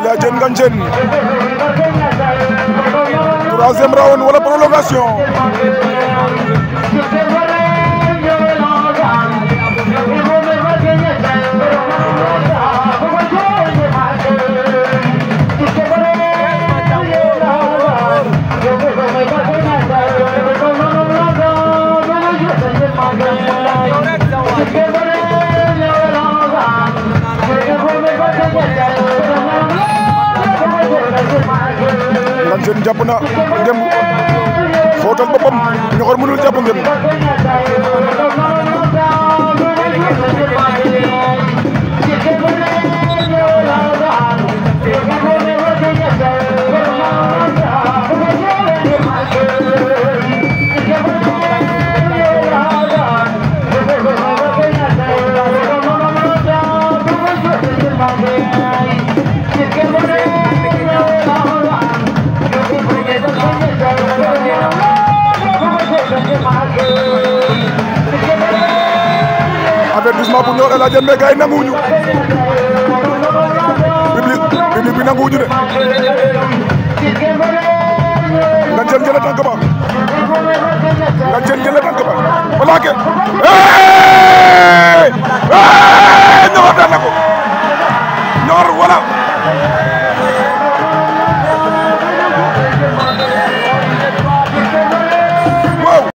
Alioune Diène Ngagne Diène troisième round wala prolongation Eumeu Sène jàpp na ngemb xóotal boppam ñoxor mënul jàpp ngemb avertissement pour Nioro El Hadj Diène mais gars yi nanguwuñu public public bi nanguwuñu de nga jël jële tànk ba nga jël jële ba wala ke eh ko